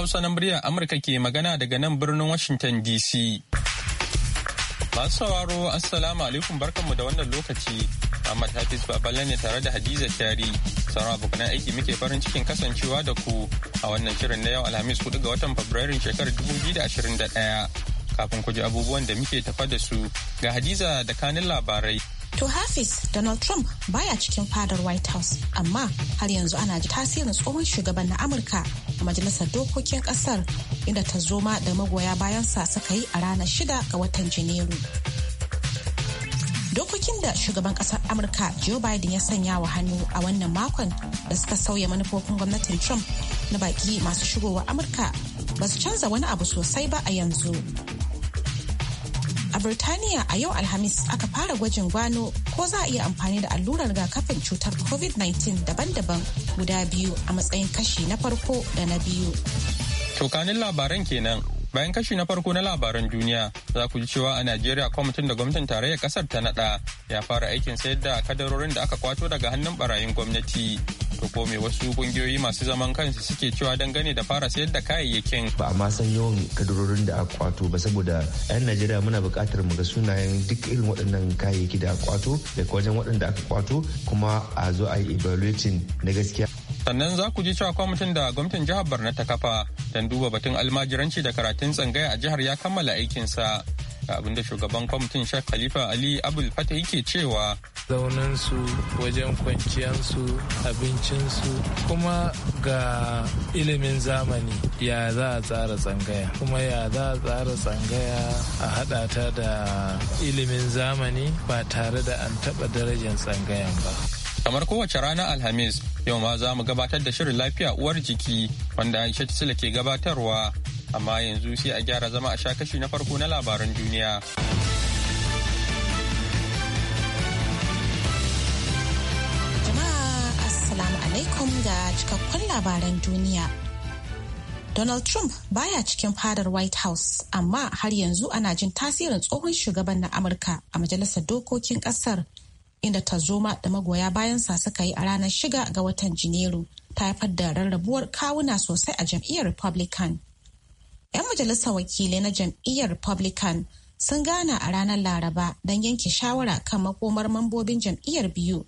Hausa na muryar Amurka ke magana daga nan birnin Washington DC. Masu sauraro Assalamu alaikum barkanmu da wannan lokaci. Ahmad Hafiz Babalan ne tare da Hadiza Kyari. Sauran abokan aiki muke farin cikin kasancewa da ku a wannan shirin na yau Alhamis 4 ga watan Fabrairun shekarar 2021. Kafin ku ji abubuwan da muke tafa da su ga Hadiza da kanin labarai. To Hafiz, Donald Trump baya cikin fadar White House, amma har yanzu ana ji tasirin tsohon shugaban na Amurka a majalisar dokokin kasar inda ta zoma da magoya bayansa suka yi a ranar shida ga watan Janairu. Dokokin da shugaban kasar Amurka Joe Biden ya sanya wa hannu a wannan makon da suka sauya manufofin gwamnatin Trump na baki masu shigowa Amurka ba su canza wani abu sosai ba a yanzu. Birtaniya a yau Alhamis aka fara gwajin gwano ko za a iya amfani da allurar rigakafin cutar COVID-19 daban-daban guda biyu a matsayin kashi na farko da na biyu. Tokanin labaran kenan bayan kashi na farko na labaran duniya za ku ji cewa a najeriya kwamitin da gwamnatin tarayyar kasar ta nada ya fara aikin sayar da kadarorin da aka kwato daga hannun barayin gwamnati to ko me wasu kungiyoyi masu zaman kansu suke cewa dangane da fara sayar da kayayyakin ba amma san yawan kadurorin da aka kwato ba saboda yan najeriya muna buƙatar mu ga sunayen duk irin waɗannan kayayyaki da aka kwato daga wajen waɗanda aka kwato kuma a zo a yi evaluating na gaskiya sannan za ku ji cewa kwamitin da gwamnatin jihar borno ta kafa don duba batun almajiranci da karatun tsangaya a jihar ya kammala aikinsa abinda shugaban kwamitin Sheikh Khalifa Ali Abul Fatah yake cewa su wajen abincin abincinsu kuma ga ilimin zamani ya za a tsara tsangaya kuma ya za a tsara tsangaya a haɗa ta da ilimin zamani ba tare da an taɓa darajar tsangayan ba. kamar kowace rana alhamis yau ma za mu gabatar da shirin lafiya uwar jiki wanda aisha tisila ke gabatarwa amma yanzu sai a gyara zama a sha kashi na farko na labaran duniya. Jama'a alaikum ga cikakkun labaran duniya. Donald Trump baya cikin fadar White House, amma har yanzu ana jin tasirin tsohon shugaban na Amurka a Majalisar Dokokin kasar inda ta tarzoma da magoya bayansa suka yi a ranar shiga ga watan Janairu ta haifar da rarrabuwar kawuna sosai a jam'iyyar Republican. 'Yan majalisar wakilai na jam'iyyar Republican sun gana a ranar Laraba don yanke shawara kan makomar mambobin jam'iyyar biyu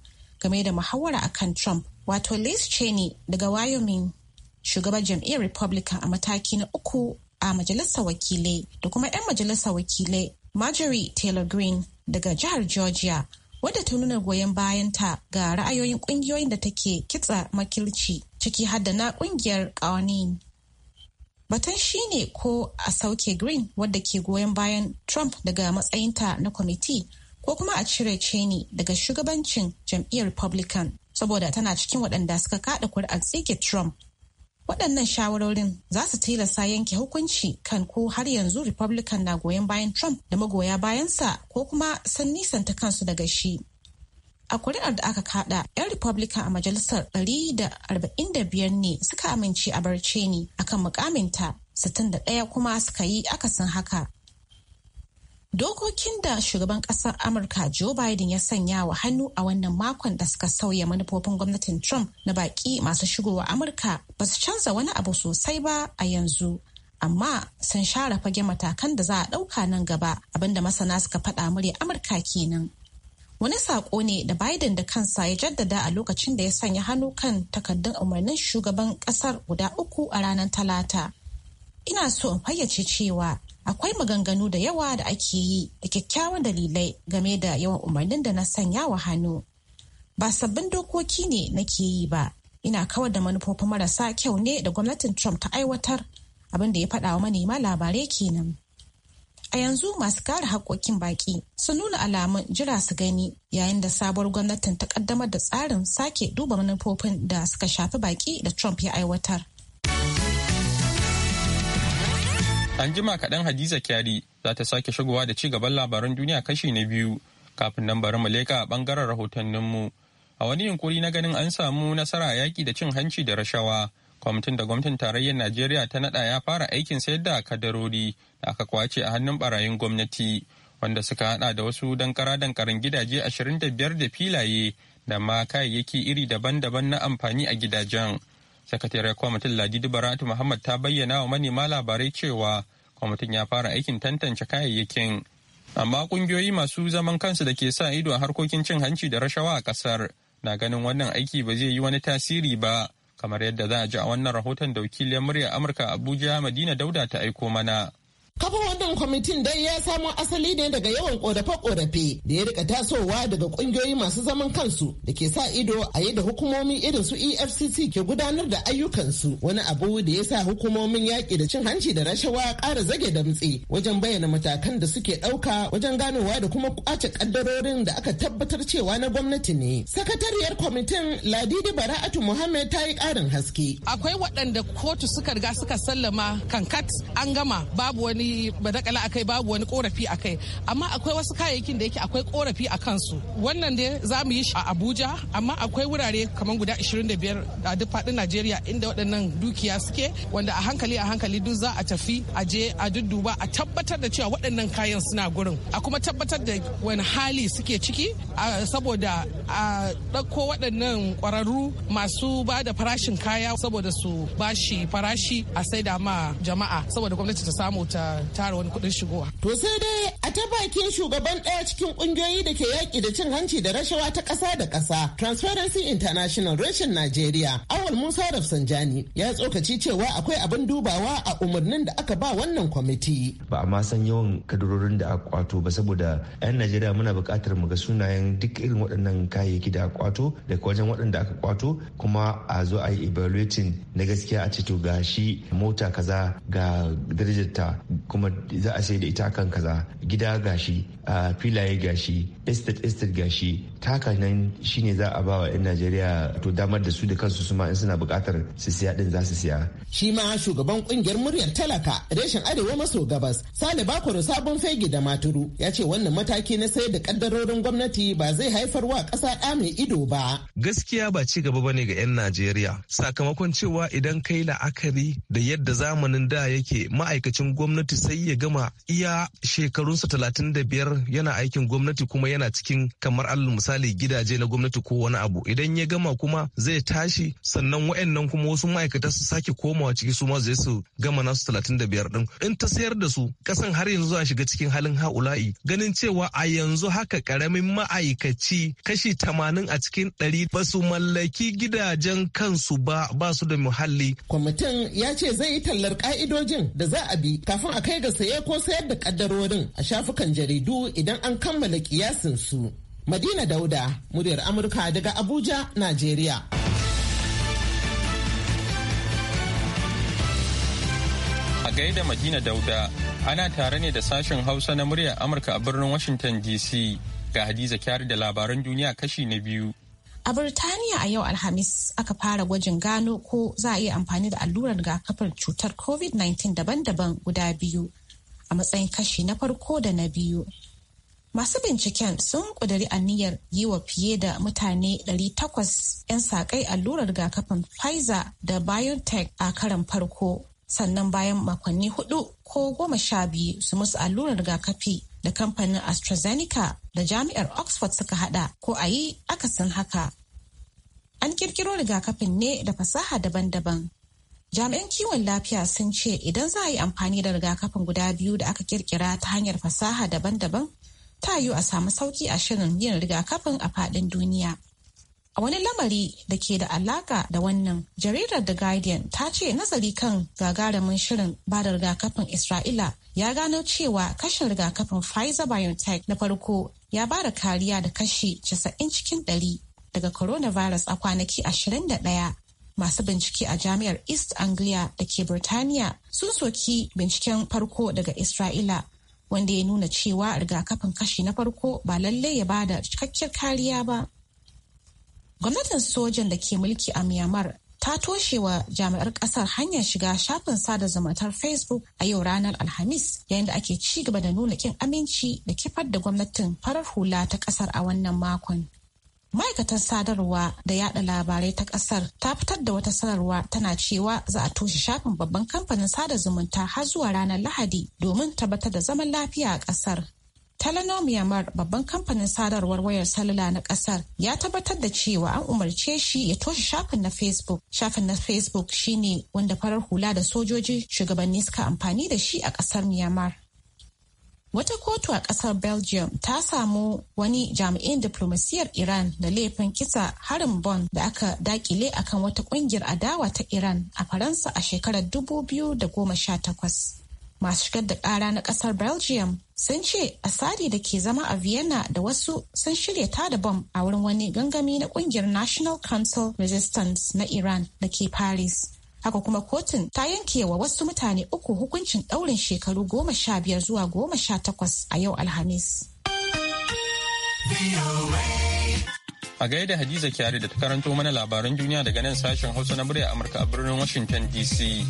game da muhawara a kan Trump wato Liz Cheney daga Wyoming shugaban jam'iyyar Republican a mataki na uku a majalisar wakilai da kuma 'yan majalisar wakilai Marjorie Taylor Greene daga jihar Georgia wadda ta nuna goyon bayanta ga ra'ayoyin kungiyoyin da take kitsa makilci ciki har da na kungiyar kawanin Batun shine ko a sauke Green wadda ke goyon bayan Trump daga matsayinta na kwamiti ko kuma a cire Cheney daga shugabancin jam'iyyar Republican saboda tana cikin waɗanda suka kaɗa kuri'ar tsige Trump. Waɗannan shawarorin za su tilasta yanke hukunci kan ko har yanzu Republican na goyon bayan Trump da magoya bayansa ko kuma sun nisanta kansu daga shi. a kuri'ar da aka kada 'yan republican a majalisar 145 ne suka amince a barce ni akan mukaminta 61 kuma suka yi akasin haka Dokokin da shugaban kasar Amurka Joe Biden ya sanya wa hannu a wannan makon da suka sauya manufofin gwamnatin Trump na baki masu shigowa Amurka ba su canza wani abu sosai ba a yanzu. Amma sun share fage matakan da za a ɗauka nan gaba abinda masana suka faɗa murya Amurka kenan. wani saƙo ne da biden da kansa ya jaddada a lokacin da ya sanya hannu kan takardun umarnin shugaban ƙasar guda uku a ranar talata ina so in fayyace cewa akwai maganganu da yawa da ake yi da kyakkyawan dalilai game da yawan umarnin da na sanya wa hannu ba sabbin dokoki ne nake yi ba ina kawar da manufofin marasa kyau ne da gwamnatin trump ta aiwatar abin da ya faɗawa manema labarai kenan a yanzu masu kare haƙoƙin baƙi sun nuna alamun jira su gani yayin da sabuwar gwamnatin ta ƙaddamar da tsarin sake duba manufofin da suka shafi baƙi da Trump ya aiwatar. An jima kaɗan Hadiza Kyari za ta sake shigowa da ci gaban labaran duniya kashi na biyu kafin nan bari mu a ɓangaren rahotanninmu. A wani yunkuri na ganin an samu nasara yaƙi da cin hanci da rashawa. kwamitin da gwamnatin tarayyar najeriya ta naɗa ya fara aikin sayar da kadarori da aka kwace a hannun barayin gwamnati wanda suka hada da wasu dankara dankarin gidaje 25 da filaye da ma kayayyaki iri daban-daban na amfani a gidajen sakatare kwamitin ladidi baratu muhammad ta bayyana wa manema labarai cewa kwamitin ya fara aikin tantance kayayyakin amma kungiyoyi masu zaman kansu da ke sa ido a harkokin cin hanci da rashawa a kasar na ganin wannan aiki ba zai yi wani tasiri ba kamar yadda za a ji a wannan rahoton da wakiliyar murya amurka abuja madina dauda ta aiko mana Kafa wannan kwamitin dai ya samo asali ne daga yawan ƙorafe korafe da ya rika tasowa daga ƙungiyoyi masu zaman kansu da ke sa ido a yi da hukumomi irin su EFCC ke gudanar da ayyukansu wani abu da ya sa hukumomin yaƙi da cin hanci da rashawa ƙara zage damtse wajen bayyana matakan da suke ɗauka wajen ganowa da kuma kwace ƙaddarorin da aka tabbatar cewa na gwamnati ne. Sakatariyar kwamitin Ladidi Bara'atu Muhammad ta yi ƙarin haske. Akwai waɗanda kotu suka riga suka sallama kankat an gama babu wani wani badakala a kai babu wani korafi a kai amma akwai wasu kayayyakin da yake akwai korafi a kansu wannan dai za mu yi shi a abuja amma akwai wurare kamar guda 25 a duk faɗin najeriya inda waɗannan dukiya suke wanda a hankali a hankali duk za a tafi a je a dudduba a tabbatar da cewa waɗannan kayan suna gurin a kuma tabbatar da wani hali suke ciki saboda a ɗauko waɗannan ƙwararru masu ba da farashin kaya saboda su bashi farashi a sai da ma jama'a saboda gwamnati ta samu ta tara wani kudin shigowa. To sai dai a ta bakin shugaban daya cikin kungiyoyi da ke yaƙi da cin hanci da rashawa ta ƙasa da ƙasa Transparency International reshen Najeriya Awal Musa Rafsanjani ya tsokaci cewa akwai abin dubawa a umarnin da aka ba wannan kwamiti. Ba a ma san yawan kadarorin da aka kwato ba saboda 'yan Najeriya muna bukatar mu ga sunayen duk irin waɗannan kayayyaki da aka kwato daga wajen waɗanda aka kwato kuma a zo a yi evaluating na gaskiya a ce to ga mota kaza ga ta kuma za a sai da ita kan kaza gida gashi a filaye gashi estate estate gashi taka nan shine za a ba wa 'yan najeriya to damar da su da kansu su ma in suna bukatar su siya din za su siya shi ma shugaban kungiyar muryar talaka reshen arewa maso gabas sale bakoro sabon fegi da maturu ya ce wannan mataki na sayar da kaddarorin gwamnati ba zai haifar wa kasa da mai ido ba gaskiya ba ci gaba bane ga 'yan najeriya sakamakon cewa idan kai la'akari da yadda zamanin da yake ma'aikacin gwamnati gwamnati sai ya gama iya shekarunsa talatin da biyar yana aikin gwamnati kuma yana cikin kamar alal misali gidaje na gwamnati ko wani abu idan ya gama kuma zai tashi sannan wa'annan kuma wasu ma'aikata su sake komawa ciki su ma zai su gama nasu talatin da biyar din in ta sayar da su kasan har yanzu a shiga cikin halin ha'ula'i ganin cewa a yanzu haka karamin ma'aikaci kashi tamanin a cikin ɗari ba su mallaki gidajen kansu ba ba su da muhalli. kwamitin ya ce zai yi tallar ka'idojin da za a bi kafin a kai ga saye ko sayar da kaddarorin a shafukan jaridu idan an kammala kiyasin su. Madina Dauda, muryar Amurka daga Abuja, Najeriya. A gaida Madina Dauda, ana tare ne da sashen Hausa na muryar Amurka a birnin Washington DC ga Hadiza kyari da labaran duniya kashi na biyu. A Birtaniya a yau Alhamis aka fara gwajin gano ko za a iya amfani da allurar rigakafin cutar COVID-19 daban-daban guda biyu a matsayin kashi na farko da na biyu. Masu binciken sun ƙudiri aniyar yi wa fiye da mutane 800 'yan saƙai allurar rigakafin Pfizer da BioNTech a karan farko. Sannan bayan makonni hudu ko goma sha biyu su musu allurar rigakafi da kamfanin AstraZeneca da jami'ar Oxford suka hada ko a yi akasin haka. an kirkiro rigakafin ne da fasaha daban-daban jami'an kiwon lafiya sun ce idan za a yi amfani da rigakafin guda biyu da aka kirkira ta hanyar fasaha daban-daban ta yiwu a samu sauki a shirin yin rigakafin a faɗin duniya A wani lamari da ke da alaka da wannan, jaridar The Guardian ta ce nazari kan gagarumin shirin ba da rigakafin Isra'ila ya gano cewa kashin rigakafin Pfizer BioNTech na farko ya ba da kariya da kashi 90 cikin ɗari daga coronavirus a kwanaki 21 masu bincike a jami'ar east anglia da ke birtaniya sun soki binciken farko daga isra'ila wanda ya nuna cewa rigakafin kashi na farko ba lalle ya ba da cikakkiyar kariya ba gwamnatin sojan da ke mulki a myanmar ta toshe wa jami'ar kasar hanyar shiga shafin sada zumuntar facebook a yau ranar alhamis yayin da ake ci gaba da nuna kin aminci da kifar da gwamnatin farar hula ta kasar a wannan makon ma'aikatar sadarwa da yada labarai ta kasar ta fitar da wata sanarwa tana cewa za a toshe shafin babban kamfanin sada zumunta har zuwa ranar lahadi domin tabbatar da zaman lafiya a kasar Telenor Myanmar babban kamfanin sadarwar wayar salula na kasar ya tabbatar da cewa an umarce shi ya toshe shafin na Facebook. Shafin na Facebook shine wanda farar hula da sojoji shugabanni suka amfani da shi a kasar Myanmar. Wata kotu a ƙasar Belgium ta samu wani jami'in diplomasiyyar Iran da laifin kisa harin bon da aka dakile akan wata ƙungiyar adawa ta Iran a Faransa a shekarar 2018. Masu shigar da ƙara na ƙasar Belgium sun ce asari da ke zama a Vienna da wasu sun shirya ta da bom a wurin wani gangami na ƙungiyar National Council Resistance na Iran da ke Paris. haka kuma kotun ta yankewa wasu mutane uku hukuncin ɗaurin shekaru goma sha biyar zuwa goma sha takwas a yau alhamis a gaida hadiza kyari da ta karanto mana labaran duniya daga nan sashen hausa na murya amurka a birnin washington dc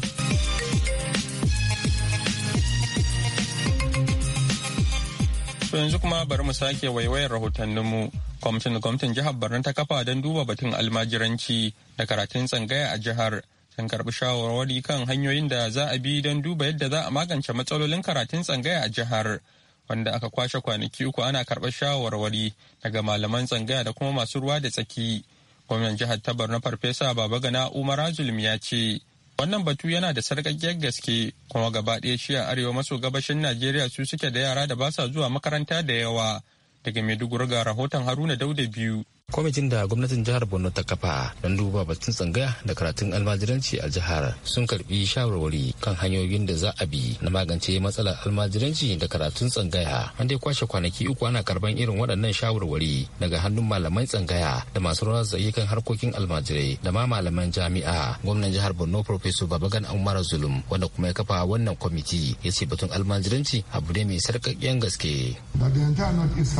To yanzu kuma bari mu sake waiwayar rahotanninmu. Kwamitin kwamitin jihar Borno ta kafa don duba batun almajiranci da karatun tsangaya a jihar sun karbi shawarwari kan hanyoyin da za a bi don duba yadda za a magance matsalolin karatun tsangaya a jihar wanda aka kwashe kwanaki uku ana karɓar shawarwari daga malaman tsangaya da kuma masu ruwa da tsaki gwamnan jihar ta borno farfesa babagana umar zulum ya ce wannan batu yana da sarƙaƙƙiyar gaske kuma gaba ɗaya shi a arewa maso gabashin najeriya su suke da yara da ba sa zuwa makaranta da yawa daga maiduguri ga rahoton haruna dauda biyu kwamitin da gwamnatin jihar borno ta kafa don duba batun tsangaya da karatun almajiranci a jihar sun karbi shawarwari kan hanyoyin da za a bi na magance matsalar almajiranci da karatun tsangaya an dai kwashe kwanaki uku ana karban irin waɗannan shawarwari daga hannun malaman tsangaya da masu rawar zaye kan harkokin almajirai da ma malaman jami'a gwamnan jihar borno professor babagan umar zulum wanda kuma ya kafa wannan kwamiti ya ce batun almajiranci abu ne mai sarƙaƙƙen gaske. the entire north east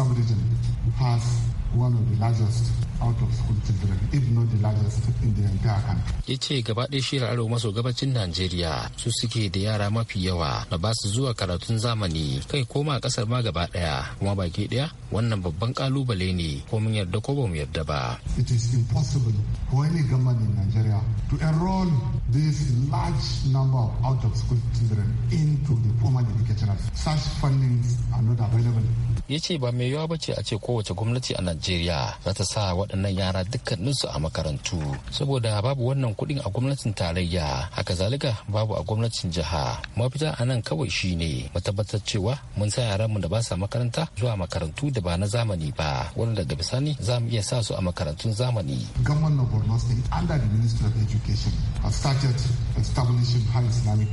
one of the largest out of school children if not the largest in the entire country. Ya ce gaba ɗaya shirin arewa maso gabacin Najeriya su suke da yara mafi yawa da ba su zuwa karatun zamani kai koma ƙasar ma gaba ɗaya kuma baki ɗaya wannan babban kalubale ne ko mun yarda ko ba mu yarda ba. It is impossible for any government in Nigeria to enroll this large number of out of school children into the formal educational such funding are not available. Ya ce ba mai yawa ba ce a ce kowace gwamnati a Najeriya za ta sa waɗanda waɗannan yara dukkaninsu a makarantu saboda babu wannan kuɗin a gwamnatin tarayya haka zalika babu a gwamnatin jiha mafita a nan kawai shine mu tabbatar cewa mun sa yaranmu da ba sa makaranta zuwa makarantu da ba na zamani ba wanda daga bisani za mu iya sa su a makarantun zamani. Government of Borno State under the Ministry of Education has started establishing high Islamic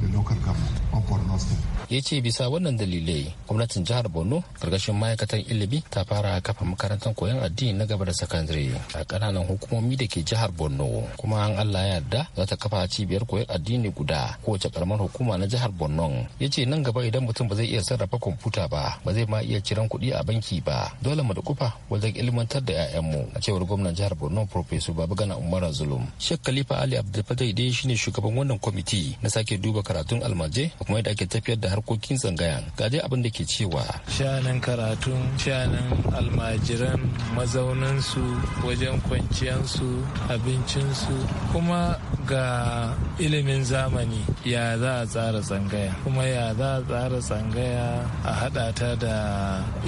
da local government on borno ya ce bisa wannan dalilai gwamnatin jihar borno karkashin ma'aikatar ilimi ta fara kafa makarantar koyon addini na gaba da sakandare a kananan hukumomi da ke jihar borno kuma an allah ya yarda za ta kafa cibiyar koyon addini guda kowace karamar hukuma na jihar borno ya ce nan gaba idan mutum ba zai iya sarrafa kwamfuta ba ba zai ma iya ciran kuɗi a banki ba dole mu da kufa wajen ilmantar da 'ya'yanmu a cewar gwamnan jihar borno professor gana umar zulum shek khalifa ali abdulfatai dai shine shugaban wannan kwamiti na sake duba karatun almaje kuma yadda ake tafiyar da harkokin zangayan ga dai abin da ke cewa Shanan karatun shanin almajiran mazaunan su, wajen kwanciyansu su, kuma ga ilimin zamani ya za a tsara zangaya? kuma ya za a tsara zangaya a haɗa ta da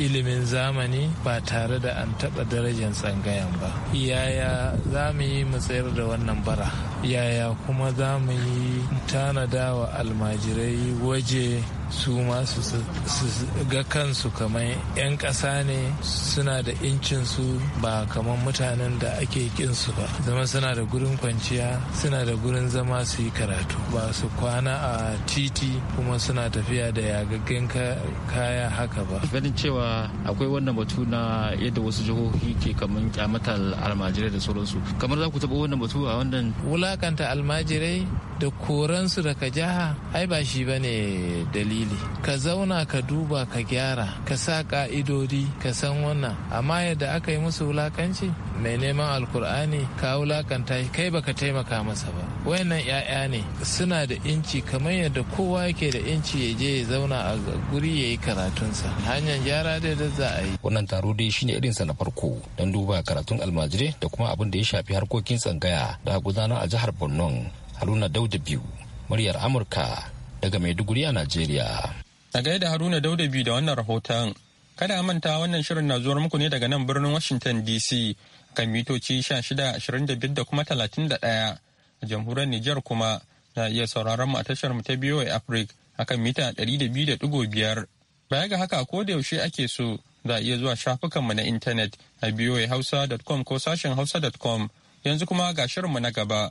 ilimin zamani ba tare da an taɓa darajar zangayan ba Iyaya za mu yi mu tsayar da wannan bara yaya kuma za mu yi tanada wa almajirai waje su ma su ga kansu kamar 'yan ƙasa ne suna da incinsu ba kamar mutanen da ake su ba zama suna da gurin kwanciya suna da gurin zama su yi karatu ba su kwana a titi kuma suna tafiya da yagaggen kaya haka ba ganin cewa akwai wannan batu na yadda wasu jihohi ke kamar kyamata almajirai da sauransu kamar za ku taɓa wannan batu a wannan wulakanta almajirai da koransu daga jiha ai ba shi ba ne dalili fili ka zauna ka duba ka gyara ka sa ka'idodi ka san wannan amma yadda aka yi musu wulakanci mai neman alkur'ani ka wulakanta shi kai baka taimaka masa ba wayannan 'ya'ya ne suna da inci kamar yadda kowa yake da inci ya je ya zauna a guri ya yi karatunsa hanyar gyara da da za a yi wannan taro dai shine irinsa na farko don duba karatun almajirai da kuma abin da ya shafi harkokin tsangaya da gudanar a jihar borno haruna dauda biyu muryar amurka daga Maiduguri a Najeriya. A gaida Haruna daudabi da wannan rahoton. Kada a manta wannan shirin na zuwar muku ne daga nan birnin Washington DC kan mitoci 1625 da kuma 31 a jamhuriyar Nijar kuma na iya sauraron mu a tashar mu ta BOA a kan mita 200.5. Baya ga haka ko da yaushe ake so za a iya zuwa shafukanmu na intanet a hausa.com ko sashen hausa.com yanzu kuma ga shirinmu na gaba.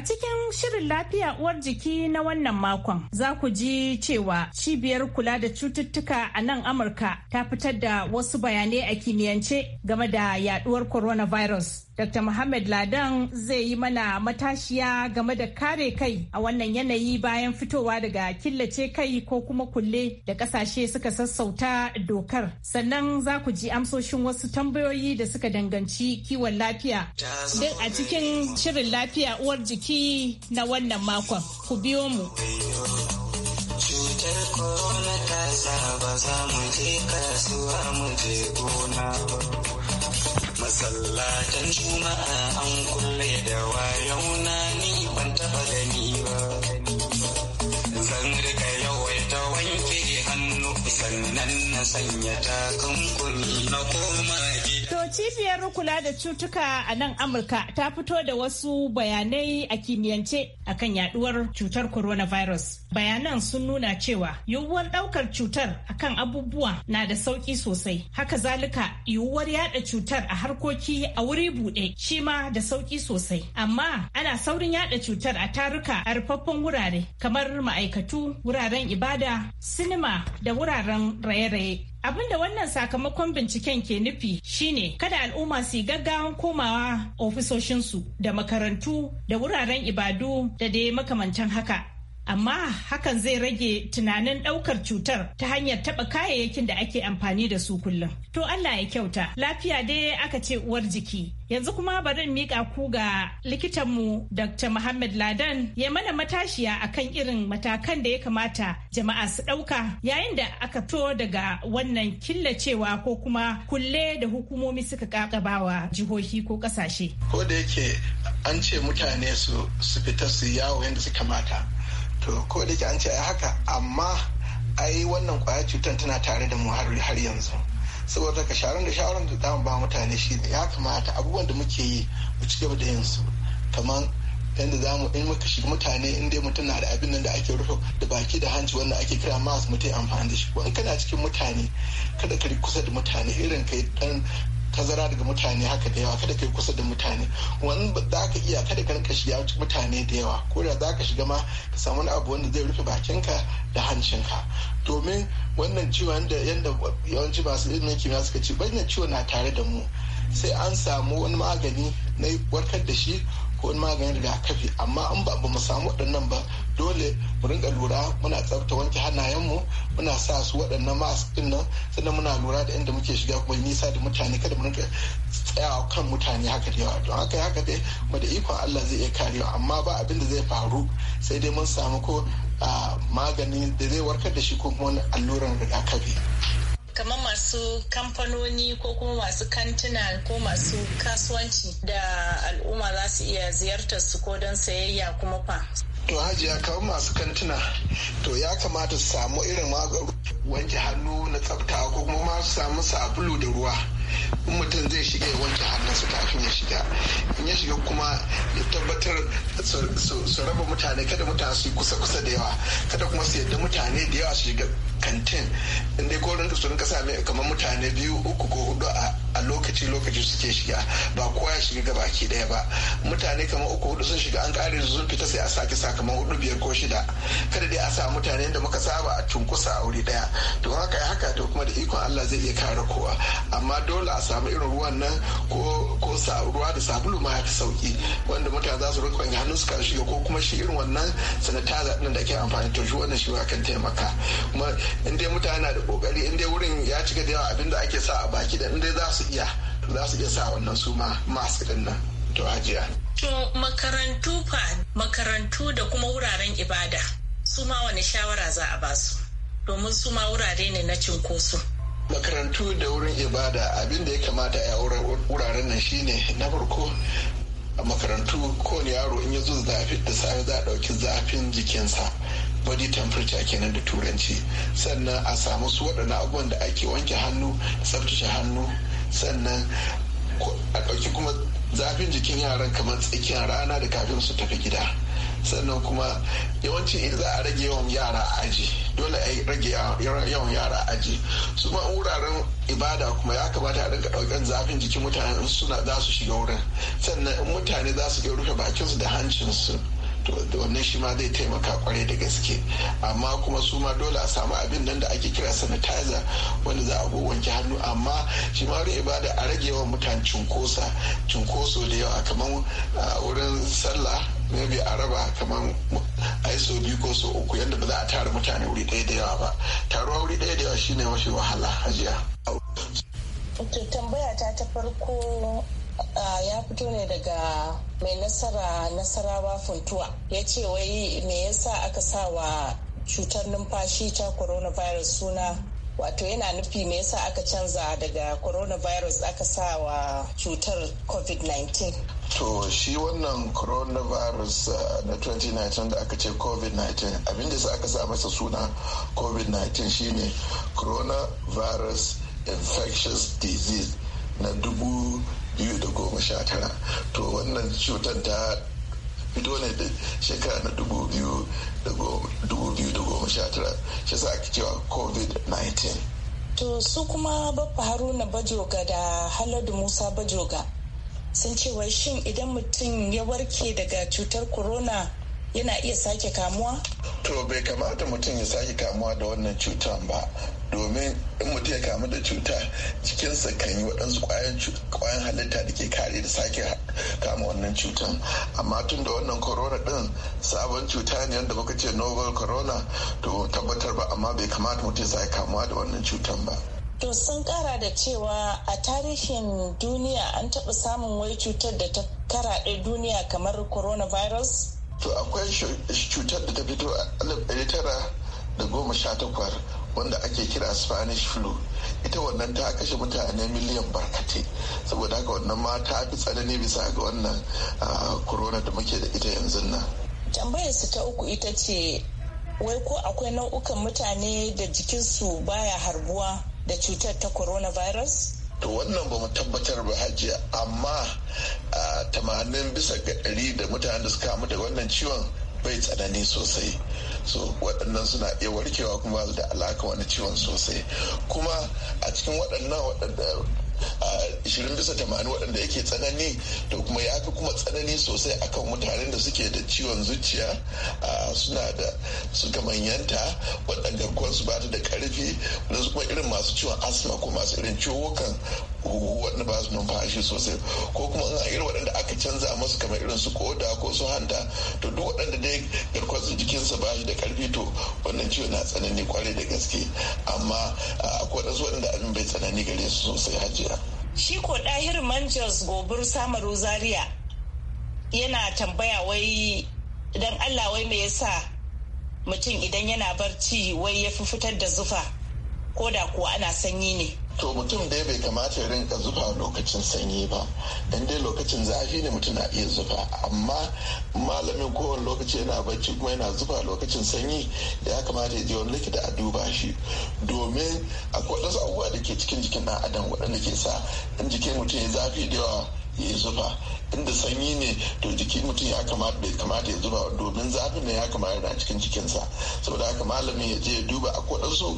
A cikin shirin lafiya uwar jiki na wannan makon za ku ji cewa cibiyar kula da cututtuka a nan Amurka ta fitar da wasu bayanai a kimiyance game da yaduwar coronavirus. Dr. Muhammad Ladan zai yi mana matashiya game da kare kai a wannan yanayi bayan fitowa daga killace kai ko kuma kulle da kasashe suka sassauta dokar. Sannan za ku ji amsoshin wasu tambayoyi da suka danganci kiwon lafiya. Duk a cikin shirin lafiya uwar jiki na wannan makon. Ku biyo mu. Cutar gona masallatan juma'a an kulle da wayau na ni ban taba gani ba zan rika yawaita wanke hannu sannan na sanya takunkumi na koma gida Cibiyar kula da cutuka a nan Amurka ta fito da wasu bayanai a kimiyyance akan yaduwar cutar coronavirus. Bayanan sun nuna cewa yiwuwar daukar cutar a kan abubuwa na da sauki sosai. Haka zalika yiwuwar yada cutar a harkoki a wuri bude shi ma da sauki sosai. Amma ana saurin yada cutar a taruka a rufaffen wurare kamar ma'aikatu, wuraren ibada, sinima da wuraren raye-raye. Abin da wannan sakamakon binciken ke nufi shine kada al'umma su yi gaggawan komawa ofisoshinsu da makarantu da wuraren ibadu da dai makamantan haka amma hakan zai rage tunanin ɗaukar cutar ta hanyar taɓa kayayyakin da ake amfani da su kullum. To Allah ya kyauta, lafiya dai aka ce uwar jiki. Yanzu kuma bari miƙa ku ga likitanmu Dr. Muhammad Ladan ya mana matashiya akan irin matakan da ya kamata jama'a su ɗauka yayin da aka to daga wannan killacewa ko kuma kulle da hukumomi suka ƙaƙabawa jihohi ko ƙasashe. Ko da yake an ce mutane su fita su yawo yadda su kamata. to ko da ke an ce ai haka amma ai wannan kwayar cutar tana tare da mu har yanzu saboda ka sharon da shawaran da zamu ba mutane shi ne ya kamata abubuwan da muke yi mu ci gaba da yin su kamar yadda za mu in muka shiga mutane in dai mutum na da abin nan da ake rufe da baki da hanci wanda ake kira masu mutum amfani da shi in kana cikin mutane kada ka kusa da mutane irin kai dan tazara daga mutane haka da yawa kada kai kusa da mutane wani za ka iya kada ka shiga mutane da yawa ko da za ka shiga ma ka samu wani abu wanda zai rufe bakinka da hancinka domin wannan ciwon da yadda yawanci masu ilimin kimiyya suka ce bayyana ciwon na tare da mu sai an samu wani magani na warkar da shi ko wani maganin rigakafi amma in ba mu samu waɗannan ba dole mu rinka lura muna tsafta wanke hannayenmu muna sa su waɗannan mask din nan sannan muna lura da inda muke shiga kuma nisa da mutane kada mu rinka tsayawa kan mutane haka da yawa don haka haka dai kuma da ikon Allah zai iya karewa amma ba abin da zai faru sai dai mun samu ko ah, maganin da zai warkar da shi ko kuma wani alluran rigakafi. kamar masu kamfanoni ko kuma masu kantina ko masu kasuwanci da al'umma za su iya ziyartar su ko don sayayya kuma fa. To hajiya kawo masu kantuna to ya kamata su samu irin wanke hannu na tsafta ko kuma su samu sabulu da ruwa. in mutum zai shiga ya wanke hannunsa kafin ya shiga in ya shiga kuma ya tabbatar su raba mutane kada mutane su yi kusa-kusa da yawa kada kuma su yadda mutane da yawa su shiga kantin inda ko rinka su rinka sami kamar mutane biyu uku ko hudu a lokaci lokaci suke shiga ba kowa ya shiga gaba ki daya ba mutane kamar uku hudu sun shiga an kare sun fita sai a sake sakamakon hudu biyar ko shida kada dai a sa mutane da muka saba a cunkusa a wuri daya to haka haka to kuma da ikon Allah zai iya kare kowa amma dole dole a samu irin ruwan nan ko ruwa da sabulu ma ya fi sauki wanda mutane za su rinka hannun su kan shiga ko kuma shi irin wannan sanitizer din da ke amfani to shi wannan shi ma kan taimaka kuma in dai mutane na da kokari in dai wurin ya cika da yawa abinda ake sa a baki da in dai za su iya za su iya sa wannan su ma masu din nan to hajiya. To makarantu fa makarantu da kuma wuraren ibada su ma wani shawara za a basu domin su ma wurare ne na cinkoso. makarantu da wurin ibada abin da ya kamata a wuraren nan shine na farko a makarantu kowane yaro in ya zo zafi da safe za a ɗauki zafin jikinsa body temperature kenan da turanci sannan a samu su waɗannan abubuwan da ake wanke hannu tsaftace hannu sannan a ɗauki kuma zafin jikin yaran kamar tsakiyar rana da kafin su tafi gida sannan kuma yawanci in za a rage yawan yara aji dole a rage yawan yara aji su ma wuraren ibada kuma ya kamata a rinka ɗaukan zafin jikin mutane suna za su shiga wurin sannan in mutane za su iya rufe bakinsu da hancinsu to wannan shi ma zai taimaka kwarai da gaske amma kuma su ma dole a samu abin nan da ake kira sanitizer wanda za a wanke hannu amma shi ma ruwa ibada a rage yawan mutane cunkosa cunkoso da yawa kamar ah, wurin sallah maybe a raba kamar a biyu ko so uku yadda ba za a tara mutane wuri ɗaya da yawa ba taruwa wuri ɗaya da yawa shine mafi wahala hajiya ok tambaya ta ta farko ya fito ne daga mai nasara nasarawa funtuwa ya ce wai me yasa aka sa wa cutar numfashi ta coronavirus suna wato yana nufi me yasa aka canza daga coronavirus aka sa wa cutar covid-19 to shi wannan coronavirus uh, na 2019 da aka ce covid-19 abinda sa aka sa masa suna covid-19 shine coronavirus infectious disease na dubu 2019 to wannan cutar ta dole da shekara na dubu biyu da goma sha tara shi sa ake cewa covid-19 to su kuma baffa haruna bajoga da haladu musa bajoga sun ce wai shin idan mutum ya warke daga cutar corona yana iya sake kamuwa to bai kamata mutum ya sake kamuwa da wannan cutar ba domin in mutum ya kamu da cuta cikinsa kan yi waɗansu ƙwayan halitta da ke kare da sake kama wannan cutan amma tun da wannan corona din, sabon cuta ne yadda muka ce novel corona to tabbatar ba amma bai kamata mutum sai kamuwa da wannan cutan ba To sun kara da cewa a tarihin duniya an taɓa samun wai cutar da ta karaɗe duniya kamar coronavirus? To akwai cutar da ta fito a 1918 wanda ake kira spanish flu ita wannan ta kashe mutane miliyan barkate saboda haka wannan ma ta fi tsanani bisa ga wannan corona da muke da ita yanzu nan tambayar su ta uku ita ce wai ko akwai nau'ukan mutane da jikinsu baya harbuwa da cutar ta coronavirus to wannan ba mu tabbatar ba hajiya amma tamanin bisa ga ɗari da mutane da suka kamu da wannan ciwon bai tsanani sosai so waɗannan suna iya warkewa kuma da alaka wani ciwon sosai kuma a cikin waɗannan waɗanda ishirin bisa tamanin waɗanda yake tsanani to kuma ya fi kuma tsanani sosai akan mutanen da suke da ciwon zuciya suna da suka manyanta waɗanda garkuwar ba bata da ƙarfi da kuma irin masu ciwon asma ko masu irin ciwokan. wadanda ba su numfashi sosai ko kuma in irin waɗanda aka canza masu kamar irin su koda ko su hanta to duk waɗanda dai garkuwar jikinsa ba shi da karfi to wannan ciwo na tsanani kwarai da gaske amma akwai wadansu waɗanda abin bai tsanani gare su sosai hajiya. shi ko dahir manjas gobir samaru zaria yana tambaya wai idan allah wai me yasa mutum idan yana barci wai ya fi fitar da zufa ko da kuwa ana sanyi ne to mutum dai bai kamata ya rinka zufa lokacin sanyi ba dan dai lokacin zafi ne mutum na iya zufa amma malamin kowane lokaci yana bacci kuma yana zufa lokacin sanyi ya kamata ya je wani likita a duba shi domin akwai wasu abubuwa da ke cikin jikin ɗan adam waɗanda ke sa in jikin mutum ya zafi da yawa ya zufa. inda sanyi ne to jiki mutum ya kamata bai kamata ya zuba domin zafin ne ya kamata yana cikin jikinsa saboda haka malamin ya je ya duba akwai wasu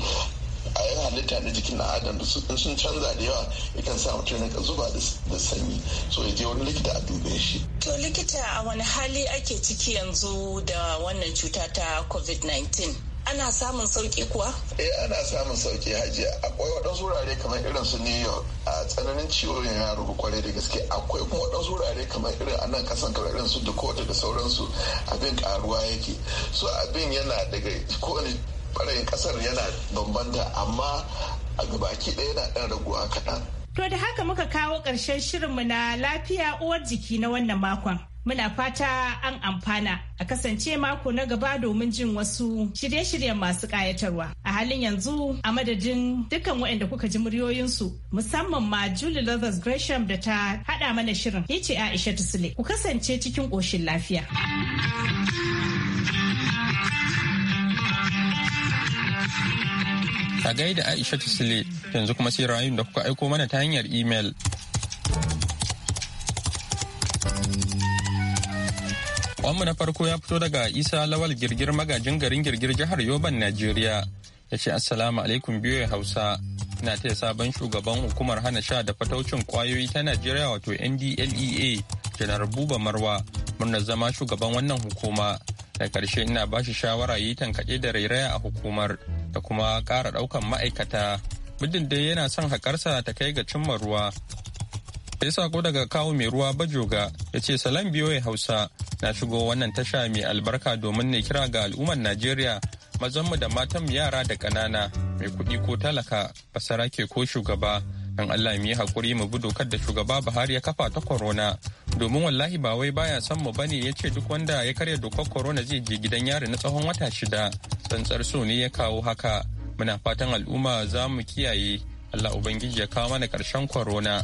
a yan halitta na jikin na adam in sun canza da yawa yakan sa mutum rinka zuba da sanyi so ya je wani likita a dube shi. to likita a wani hali ake ciki yanzu da wannan cuta ta covid-19 ana samun sauki kuwa? eh ana samun sauki hajiya akwai waɗansu wurare kamar irin su new york a tsananin ciwon ya rubu kwarai da gaske akwai kuma waɗansu wurare kamar irin a nan kasan kamar irin su dakota da sauransu abin karuwa yake so abin yana daga kowane ɓarayin ƙasar yana bambanta amma a gabaki ɗaya yana ɗan raguwa kaɗan. To da haka muka kawo ƙarshen shirinmu na lafiya uwar jiki na wannan makon. Muna fata an amfana a kasance mako na gaba domin jin wasu shirye-shiryen masu ƙayatarwa. A halin yanzu a madadin dukkan waɗanda kuka ji muryoyinsu musamman ma Julie Lovers Gresham da ta haɗa mana shirin. Ni ce Aisha Tusule. Ku kasance cikin ƙoshin lafiya. A gaida Aisha Tisile yanzu kuma sai rayun da kuka aiko mana ta hanyar imel. Wanmu na farko ya fito daga Isa Lawal Girgir magajin garin Girgir jihar Yoban, Najeriya. Ya ce Assalamu alaikum ya Hausa. Ina taya sabon shugaban hukumar hana sha da fataucin kwayoyi ta Najeriya wato NDLEA, Janar Buba Marwa, murnar zama shugaban wannan hukuma. da karshe ina ba shi shawara yi tankaɗe da rairaya a hukumar da kuma ƙara ɗaukan ma'aikata muddin dai yana son haƙarsa ta kai ga cimma ruwa sai sako daga kawo mai ruwa bajoga ya ce salam biyoyi hausa na shigo wannan tasha mai albarka domin ne kira ga al'ummar najeriya mazanmu da matanmu yara da ƙanana mai kuɗi ko talaka ke ko shugaba dan Allah mu yi hakuri mu bi dokar da shugaba Buhari ya kafa ta corona domin wallahi ba wai baya san mu bane ya ce duk wanda ya karya dokar corona zai je gidan yari na tsawon wata shida tsantsar so ne ya kawo haka muna fatan al'umma za mu kiyaye Allah ubangiji ya kawo mana karshen corona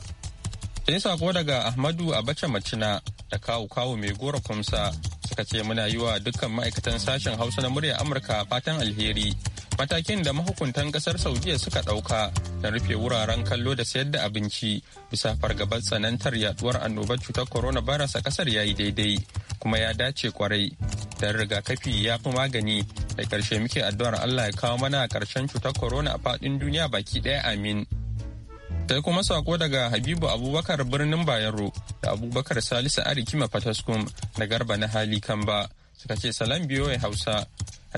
sai sako daga Ahmadu Abacha Macina da kawo kawo mai gora kumsa suka ce muna yi wa dukkan ma'aikatan sashen Hausa na murya Amurka fatan alheri matakin da mahukuntan kasar saudiya suka ɗauka na rufe wuraren kallo da sayar da abinci bisa fargabar tsanantar yaduwar annobar cutar coronavirus a kasar ya yi daidai kuma ya dace kwarai don rigakafi ya fi magani da karshe muke addu'ar allah ya kawo mana ƙarshen cutar corona a faɗin duniya baki ɗaya amin sai kuma sako daga habibu abubakar birnin bayero da abubakar salisu arikima fataskum da garba na hali kamba suka ce salam biyo hausa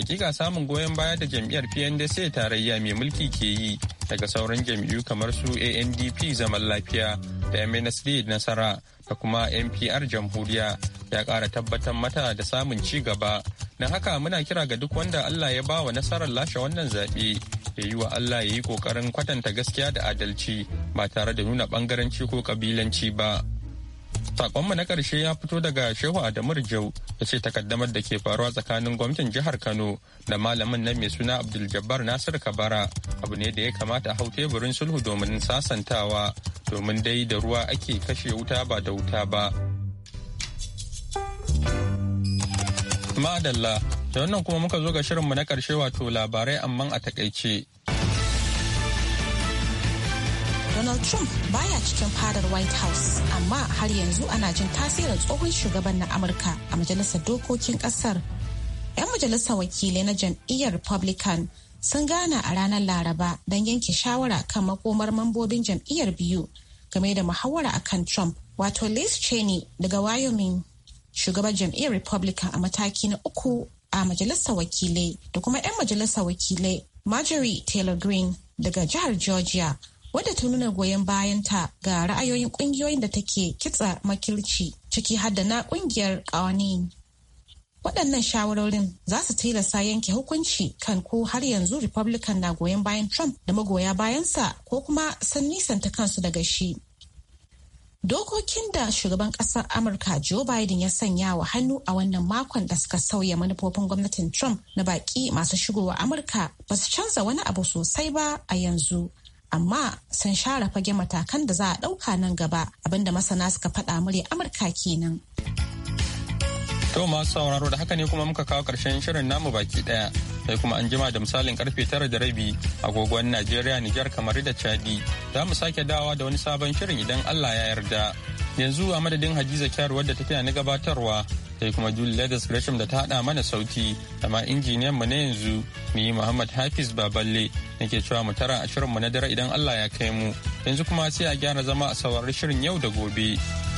hakika samun goyon baya da jam'iyyar pndc tarayya mai mulki ke yi daga sauran jam'iyyu kamar su andp zaman lafiya da mnsd nasara da kuma npr jamhuriya ya kara tabbatar mata da samun ci gaba na haka muna kira ga duk wanda allah ya ba wa nasarar lashe wannan zaɓe ya yi wa allah ya yi ƙoƙarin kwatanta gaskiya da adalci ba tare da nuna ɓangaranci ko ƙabilanci ba. Sakonmu na ƙarshe ya fito daga Shehu Adamu Rijau da ce takaddamar da ke faruwa tsakanin gwamnatin jihar Kano da malamin na mai suna Abdul Jabbar Nasir Kabara abu ne da ya kamata a hau teburin sulhu domin sasantawa domin dai da ruwa ake kashe wuta ba da wuta ba. Madalla, da wannan kuma muka zo ga shirinmu na ƙarshe wato labarai amma a takaice. Donald Trump baya cikin fadar White House, amma har yanzu ana jin tasirin tsohon shugaban na Amurka a majalisar dokokin kasar. 'Yan majalisar wakilai na jam'iyyar Republican sun gana a ranar Laraba don yanke shawara kan makomar mambobin jam'iyyar biyu game da muhawara akan Trump, wato Liz Cheney daga Wyoming, shugaban jam'iyyar Republican a mataki na uku a majalisar wakilai da kuma 'yan majalisar wakilai Marjorie Taylor Greene daga jihar Georgia wadda ta nuna goyon bayanta ga ra'ayoyin kungiyoyin da take kitsa makilci ciki hadda na kungiyar ƙawani. Waɗannan shawarorin za su tilasta yanke hukunci kan ko har yanzu Republican na goyon bayan Trump da magoya bayansa ko kuma sun nisanta kansu daga shi. Dokokin da shugaban ƙasar Amurka Joe Biden ya sanya wa hannu a wannan makon da suka sauya manufofin gwamnatin Trump na baƙi masu shigowa Amurka ba su canza wani abu sosai ba a yanzu. amma sun share fage matakan da za a ɗauka nan gaba abinda masana suka faɗa murya amurka kenan to masu sauraro da haka ne kuma muka kawo ƙarshen shirin namu baki ɗaya sai kuma an jima da misalin karfe tara da rabi agogon najeriya nijar kamar da chadi za mu sake dawa da wani sabon shirin idan allah ya yarda yanzu a madadin hadiza kyar wadda ta na gabatarwa sai kuma julie leathers gresham da ta hada mana sauti amma injiniyan mu na yanzu ni muhammad hafiz baballe nake cewa mu tara a mu na dare idan allah ya kai mu yanzu kuma sai a gyara zama a saurari shirin yau da gobe.